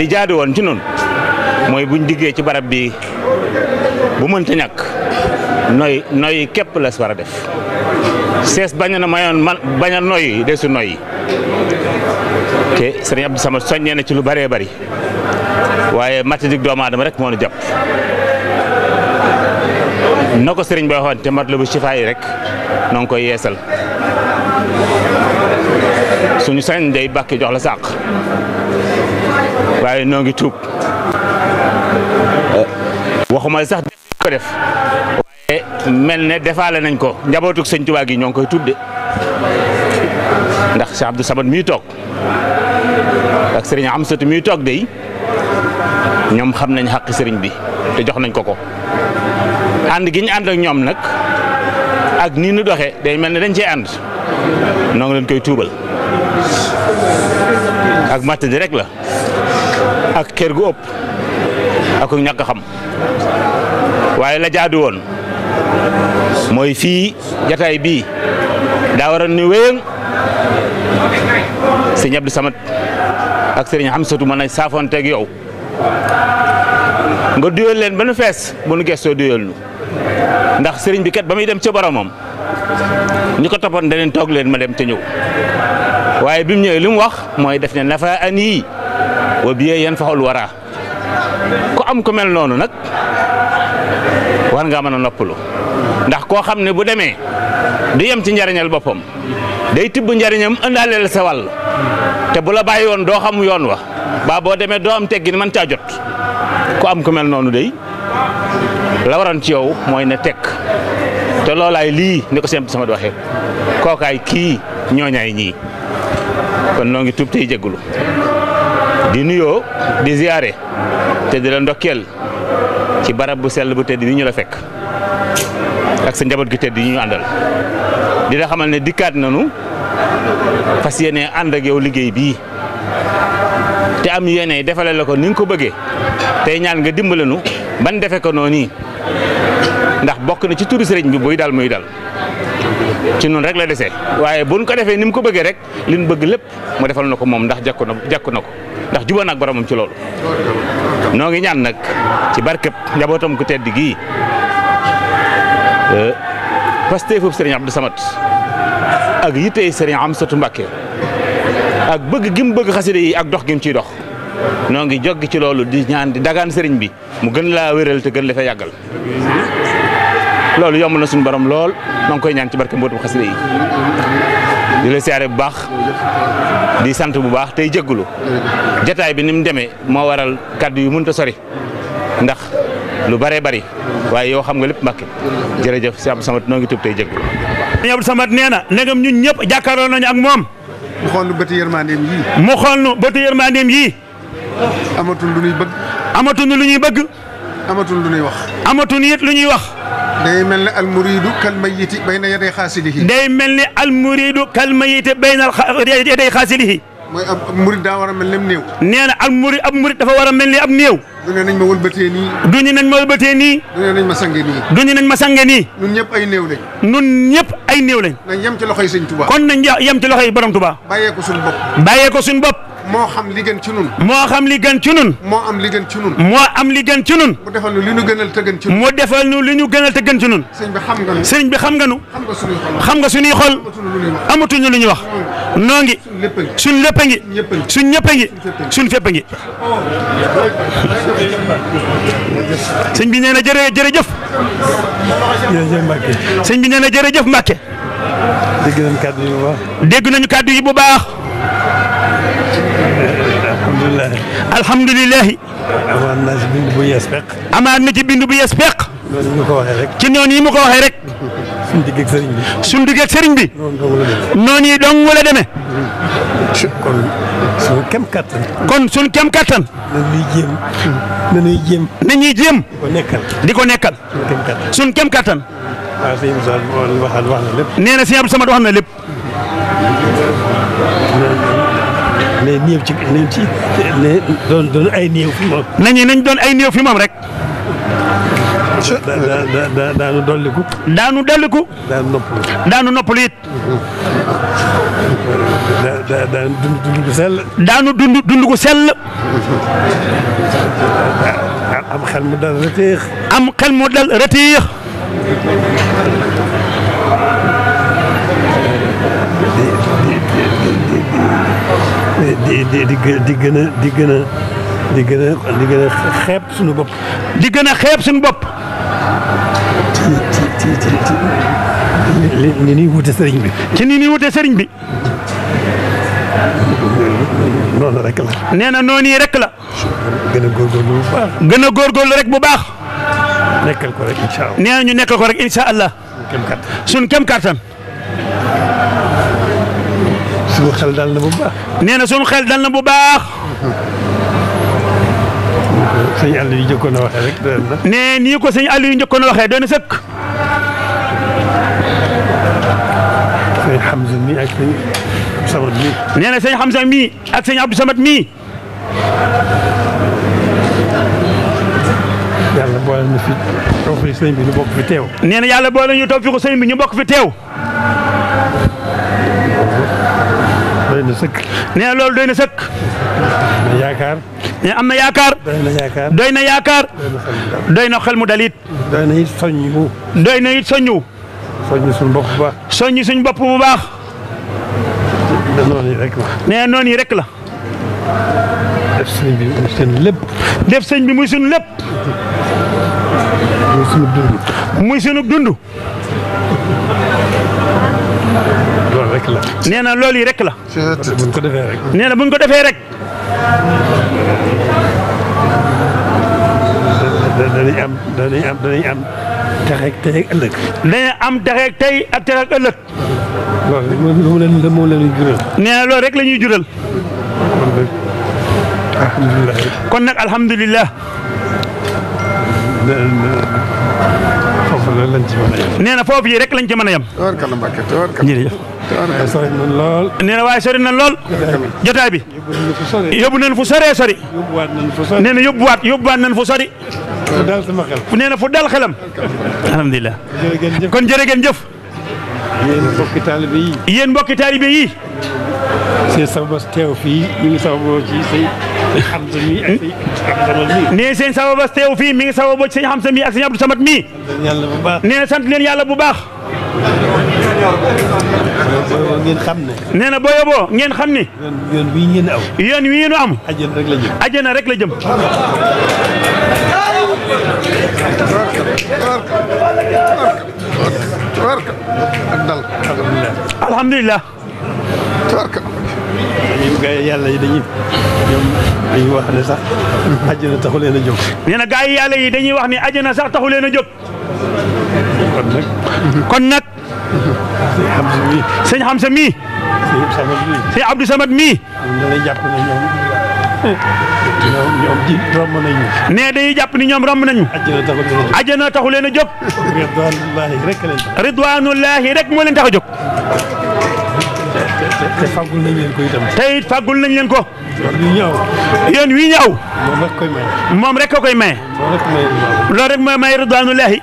li jaadu woon ci noonu mooy buñ diggee ci barab bii bu mënta ñàkk noy noy képp la si war a def sees bañ na mayoon man bañ a noyyi desu noyyi te sëriñ Abdou sama soññee na ci lu bëree bari waaye matadik doomu aadama rek moo nu jàpp na ko sëriñ boo waxoon te mat la bu sifaa rek noo ngi koy yeesal suñu sañ day bàkki jox la sàq waaye noo ngi tuub eh. waxuma sax def mel ne defaale nañ ko njabootuk sëñ Tuubaa gi ñoo ngi koy tuub de ndax Cheikh Abdou Samad miy toog ak sëriñ Amsatu miy toog de ñoom xam nañ xàq sëriñ bi te jox nañ ko ko ànd giñ ñu ñoom nag ak nii nu doxee day mel ne dañ cee ànd noo ngi koy tuubal ak matt di rek la ak kër gu ëpp ak ñàkk xam waaye la jaadu woon mooy fii jataay bii daa waroon ni wéyëng sëñ Abdou samat ak sëriñ Xamsatu mën nañ saafoonteeg yow nga duyal leen ba nu fees bu nu gestoo duyal nu ndax sëriñ bi kat ba muy dem ca moom ñi ko toppoon daneen toog leen ma dem te ñëw waaye bi mu ñëwee li mu wax mooy def ne nafa an yii wa biyee yan faxul wara ku am ku mel noonu nag war nga mën a noppalu ndax koo xam ne bu demee du yem ci njariñal boppam day tibb njariñam ëndaaleel sa te bu la bàyyi woon doo xam yoon wa baa boo demee doo am teggin mën caa jot ku am ku mel noonu day la waran ci yow mooy ne tekk te loolaay lii ni ko seen sama waxe kookaay kii ñooñaay ñii kon noo ngi tuub tey jégalu di nuyoo di te di la ndokkeel ci barab bu sell bu tedd di ñu la fekk ak sa njaboot gi tedd yi ñu àndal di la xamal ne dikkaat nañu fas yéene ànd ak yow liggéey bii te am yéene defale la ko ni nga ko bëggee tey ñaan nga dimbale nu ban defe ko noonu nii ndax bokk na ci turu sëriñ bi buy dal muy dal ci noonu rek la desee waaye buñ ko defee ni mu ko bëggee rek li ñu bëgg lépp mu defal na ko moom ndax jàkku na jàkku na ko ndax juba naag boromam ci loolu noo ngi ñaan nag ci barkeb njabootam ku tedd gii foofu euh, sëriñ Abdou samat ak yittey sëriñ sëtu Mbàkke ak bëgg gi bëgg xasida yi ak dox gim mu ciy dox noo ngi joggi ci loolu di ñaan di dagaan sëriñ bi mu gën laa wéral te gën la yàggal loolu yomb na suñu borom lool maa koy ñaan ci barke mbootum xasida yi di la siyaare bu baax di sant bu baax tey jéggulu jataay bi ni mu demee moo waral kàddu yu mënta sori ndax lu bëree bari waaye yow xam nga lépp mbàkke jërëjëf si Abdou Samad noo ngi tub tey jéggulu sëñ Abdou nee na ndegam ñun ñëpp jàkkaarloo nañu ak moom mu xool nu bëti yërmandeem yii mu xool nu bëti yërmandeem yii amatul lu ñuy bëgg amatul lu ñuy bëgg amatul lu ñuy wax amatul it lu ñuy wax day mel ne almuriidu kal mayiti bayna yaday xaasilihi. day mel ne almuriidu kal mayiti bayna yaday xaasilihi. mooy ab murid daa war a mel ne néew. nee na ab murid ab murid dafa war a mel ni ab néew. du ne nañ ma wëlbatee nii. du ñu nañ ma wëlbatee nii. du ne nañ ma sange nii. du ñu nañ ma sange nii. ñun ñëpp ay néew lañ. ñun ñëpp ay néew lañ. nañ yem ci loxoy sëñ Touba. kon nañ yem ci loxoy borom Touba. bàyyee ko suñu bopp. bàyyee ko suñu bopp. moo xam li gën ci nun moo xam li gën ci nun moo am li gën ci nun moo am li gën ci nun mu defal nu li ñu gënal te gën ci nun mu defal nu li ñu gënal te gën ci nun sëriñ bi xam nga nu sëriñ bi xam nga nu xam nga suñuy xol amatuñu lu ñuy wax noo ngi suñ lépp a ngi suñ ñëpp a ngi suñ fépp a ngi sëñ bi nee na jërë jërëjëf sëñ bi nee na jërëjëf Mbàkke dégg nañu kàddu yi bu baax dégg nañu kàddu yi bu baax alhamdulilahi. amaat na ci bind bu yees peq. amaat na ci bind bu yees peq. noonu ñu rek. ci yi mu ko waxee rek. suñu digg ak sëriñ bi. suñu digg ak sëriñ bi. noonu yi dong la demee. kon suñu kem kattan. kon suñu kem kattan. nañuy jéem. nañuy jéem. nañuy ko nekkal. di ko nekkal. suñu kattan. waaw Samad wax na lépp. nee na sëñ Abdou Samad lépp. néew ci nañ ci doon ay néew fi moom. nañu nañ doon ay néew fi moom rek. daa daanu dolliku. daanu dolliku. daanu daanu noppalu it. daa daanu dund dund sell. daanu dund dund gu sell. am xel mu dal retiix. am xel mu dal retiix. di di di di gën a di gën a di gën a di suñu bopp. di gën a xeeb suñu bopp. ci ni ñuy wute sëriñ bi. ci ni ñuy wute sëriñ bi. noonu rek la. nee na noonu yi rek la. gën a góorgóorlu bu baax. gën a góorgóorlu rek bu baax. nekkal ko rek incha allah. nee na ñu nekkal ko rek incha allah. suñu kem kattan. sunu xel dal na bu baax. nee na sunu xel dal na bu baax. sëñ àll yu njëkkoon a waxee rek doy na. nee nii ko sëñ àll yu njëkkoon a waxee doy na sëkk. sëñ Hamza mii ak sëñ Samad mii. nee na sëñ Hamza mii ak sëñ Abdou Samad mii. yàlla boole ñu fi toog fi sëñ bi na yàlla boole ñu toog fi ko sëñ bi na nee na loolu doy na sëkk. yaakaar. nee am na yaakaar. doy na yaakaar doy na yaakaar. doy xel mu dalit. doy na it soññu. doy na it soññu. soññu bu baax. soññu suñu bopp bu baax. yi rek la. nee noonu yi rek la. def sëñ bi muy seen lépp. def sëñ bi muy suñu lépp. muy sunu dund. loolu rek la. nee na loolu yi rek la. buñ ko defee rek. nee na buñ ko defee rek. danañ am danañ am danañ am texeeg tey ak ëllëg. nee na loolu rek la ñuy jural. kon nag alhamdulilah. loolu lañ ci mën a yem. nee na foofu yi rek lañ ci mën a yem. tabarkalla Mbàkke tabarkalla. jërëjëf. tabarkalla sori na lool. nee na waaye sori na lool. jotaay bi. yóbbu nañ fu soree sori. yóbbuwaat nañ fu sori. nee na yóbbuwaat yóbbuwaat nañ fu sori. fu dal sama xel. nee na fu dal xelam. alhamdulilah kon jërë ngeen jëf. yéen mbokki taalibe yi. yéen mbokki taalibe yi. seen sababas teew fii mi ngi sababoo ci sëñ Hamza mi ak sëñ Abdou Samad mi. nee seen sababas teew fii mi ngi sababoo ci sëñ Hamza mi ak sëñ Abdou Samad mi. nee na sant leen yàlla bu baax. ngeen xam ne. nee na boo yóbboo ngeen xam ne. yoon wi ngeen aw. yoon wi ngeen am. ajjana rek la jëm. ajjana rek la jëm. alhamdulilah. ñun gaa yi yàlla yi dañuy ñoom dañuy wax ne sax àjjana taxu leen a jóg. nee na gaa yi yàlla yi dañuy wax ne àjjana sax taxu leen a jóg. kon nag. kon nag. sëñ Xamsa mii. sëñ Abdou Samad mii. ñoom ñoom ji romb nañu. nee dañuy jàpp ni ñoom romb nañu. àjjana taxu leen a jóg. àjjana taxu leen a jóg. ridwanullahi rek moo leen tax a jóg. te fagul nañ leen ko itam. te it moom rek koy may. moom rek koy may. loolu rek mooy may ridwaanullaahi.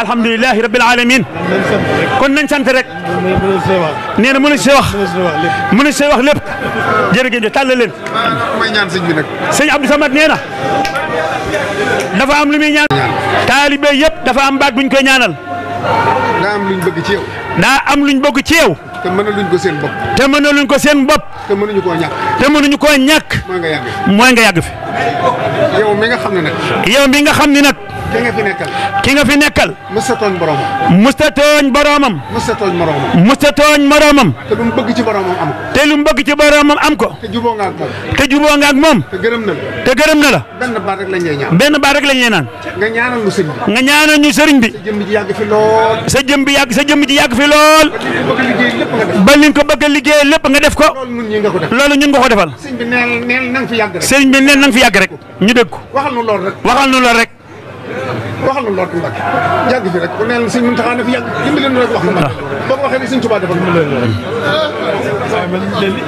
alhamdulilahi kon nañ sant rek nee na mënu si wax mënu si wax lépp jërëjëf jë tàllal leen may Samad nee na dafa am lu muy ñaan taalibe yëpp dafa am baat buñ koy ñaanal daa am luñ bëgg ci yow. daa am luñ bëgg ci yow. te mënaluñ ko seen bopp. te mënaluñ ko seen te mënuñu koo ñàkk. te mënuñu koo ñàkk. mooy nga yàgg fi. mooy nga yàgg fi. yow mi nga xam ne nag. yow mi nga xam ne nag. ki nga fi nekkal. ki nga fi nekkal. mësta tooñ boromam. mësta tooñ boromam. mësta tooñ moromam. mësta tooñ moromam. te lu mu bëgg ci boromam am ko. te lu mu bëgg ci boromam am ko. te juboo nga ak moom. te juboo nga ak moom. gërëm na la. te gërëm na la. benn baat rek lañ lay ñaan. benn baat rek lañ lay naan. nga ñaanal ñu sëriñ bi. nga ñaanal ñu sëriñ bi. sa jëmm ji yàgg fi lool. sa jëmm bi yàgg sa jëmm ji yàgg fi lool. ba li nga ko bëgg a liggéey lépp nga def ko. loolu ñun nga ko defal. sëriñ bi neel neel na nga fi yàgg rek. ñu dégg ko waxal nu lool rek waxal na loolu Mbacke yàgg fi rek ku neen sëñ Muntaxa na fi yàgg dimbali leen rek wax na ba mu waxee li sëñ Tuubaa defal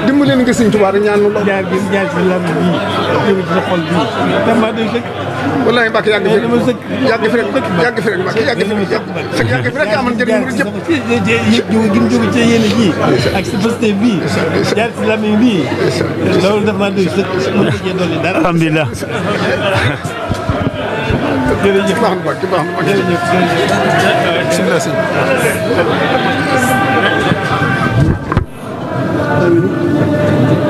dimbali leen nga sëñ Tuubaa rek ñaan loolu ñaar bi ñaar ci lam bi jóge ci sa xol bi dama day sëkk wallahi Mbacke yàgg fi yàgg fi rek yàgg fi rek Mbacke yàgg fi rek yàgg fi rek amal njëriñ mu jëpp gi mu jóge ci yéen ji ak sa posté bi jaar ci lam bi loolu dama day sëkk mu ci dolli dara alhamdulillah jërëjëf baax na baax baax na jërëjëf bisimilah sëñ bi